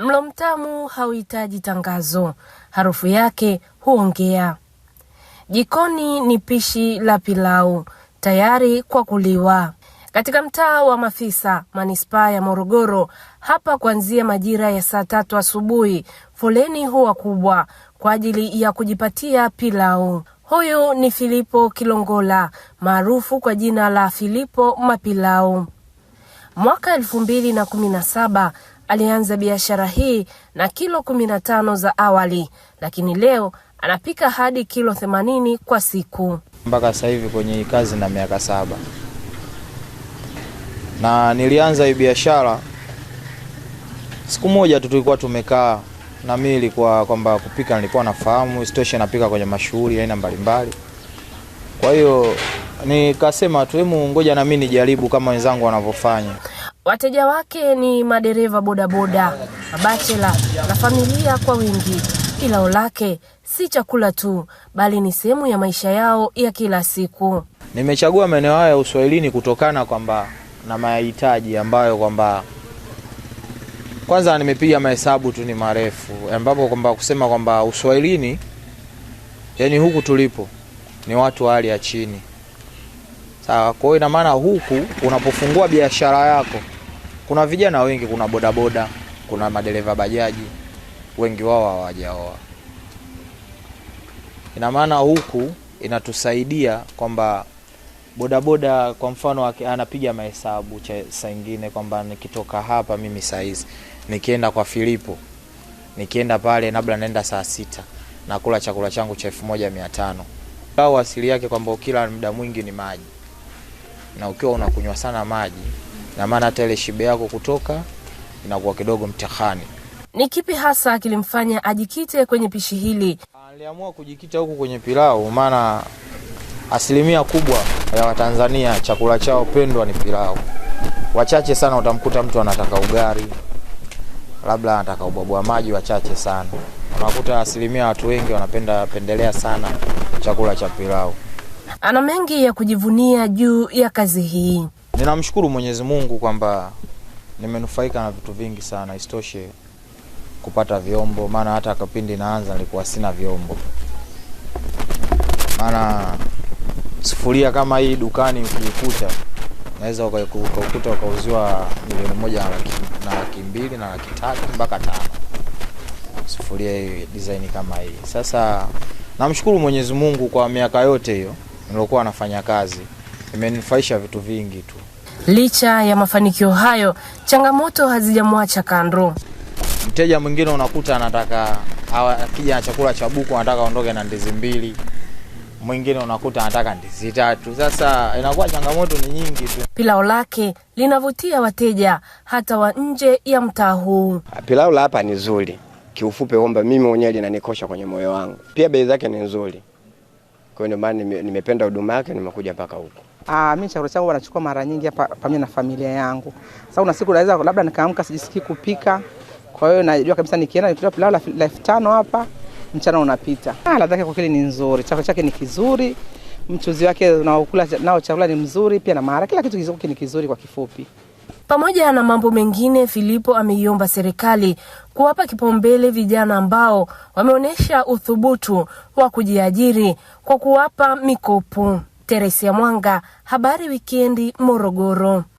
Mlo mtamu hauhitaji tangazo, harufu yake huongea. Jikoni ni pishi la pilau tayari kwa kuliwa. Katika mtaa wa Mafisa, manispaa ya Morogoro, hapa kuanzia majira ya saa tatu asubuhi, foleni huwa kubwa kwa ajili ya kujipatia pilau. Huyu ni Filipo Kilongola maarufu kwa jina la Filipo Mapilau. Mwaka elfu mbili na kumi na saba alianza biashara hii na kilo 15 za awali, lakini leo anapika hadi kilo 80 kwa siku. Mpaka sasa hivi kwenye hii kazi na miaka saba, na nilianza hii biashara siku moja tu, tulikuwa tumekaa na mimi ilikuwa kwamba kupika nilikuwa nafahamu, isitoshe napika kwenye mashughuli aina mbalimbali. Kwa hiyo nikasema tu, hemu ngoja na mimi nijaribu kama wenzangu wanavyofanya. Wateja wake ni madereva bodaboda, mabachela na familia kwa wingi. Kilao lake si chakula tu, bali ni sehemu ya maisha yao ya kila siku. Nimechagua maeneo haya ya uswahilini kutokana kwamba na mahitaji ambayo kwamba kwanza nimepiga mahesabu tu ni marefu, ambapo kwamba kusema kwamba uswahilini, yani huku tulipo ni watu wa hali ya chini. Sawa, kwa hiyo ina maana huku unapofungua biashara yako kuna vijana wengi, kuna bodaboda, kuna madereva bajaji, wengi wao hawajaoa. Ina maana huku inatusaidia kwamba bodaboda kwa mfano anapiga mahesabu saa kwamba nikitoka hapa mimi saa hizi nikienda kwa Filipo nikienda pale labda naenda saa sita nakula chakula changu cha elfu moja mia tano au asili yake kwamba ukila muda mwingi ni maji, na ukiwa unakunywa sana maji na maana hata ile shibe yako kutoka inakuwa kidogo mtihani. Ni kipi hasa kilimfanya ajikite kwenye pishi hili? Aliamua kujikita huku kwenye pilau, maana asilimia kubwa ya Watanzania chakula chao pendwa ni pilau. Wachache sana utamkuta mtu anataka ugari labda anataka ubwabwa maji, wachache sana unakuta asilimia watu wengi wanapenda pendelea sana chakula cha pilau. Ana mengi ya kujivunia juu ya kazi hii. Ninamshukuru Mwenyezi Mungu kwamba nimenufaika na vitu vingi sana, isitoshe kupata vyombo, maana hata kapindi naanza nilikuwa sina vyombo, maana sufuria kama hii dukani ukiikuta naweza ukaukuta ukauziwa milioni moja na laki, mbili na laki tatu mpaka tano, sufuria hii design kama hii. Sasa namshukuru Mwenyezi Mungu kwa miaka yote hiyo nilokuwa nafanya kazi imenufaisha vitu vingi tu. Licha ya mafanikio hayo, changamoto hazijamwacha kando. Mteja mwingine unakuta anataka akija na chakula cha buku anataka aondoke na ndizi mbili, mwingine unakuta anataka ndizi tatu. Sasa inakuwa changamoto ni nyingi tu. Pilau lake linavutia wateja hata wa nje ya mtaa huu. Pilau la hapa ni zuri kiufupi, kwamba mimi mwenyewe linanikosha kwenye moyo wangu. Pia bei zake ni nzuri, kwa hiyo ndio maana nimependa huduma yake, nimekuja mpaka huku. Ah, mimi chakula changu wanachukua mara nyingi hapa pamoja na familia yangu. Sasa una siku naweza labda nikaamka sijisikii kupika. Kwa hiyo najua kabisa nikienda nikitoa pilau la elfu tano hapa mchana unapita. Ah, ladha yake kwa kweli ni nzuri. Chakula chake ni kizuri. Mchuzi wake unaokula nao chakula ni mzuri pia na mara kila kitu kizuri ni kizuri kwa kifupi. Pamoja na mambo mengine, Filipo ameiomba serikali kuwapa kipaumbele vijana ambao wameonyesha uthubutu wa kujiajiri kwa kuwapa mikopo. Teresia Mwanga, habari wikendi, Morogoro.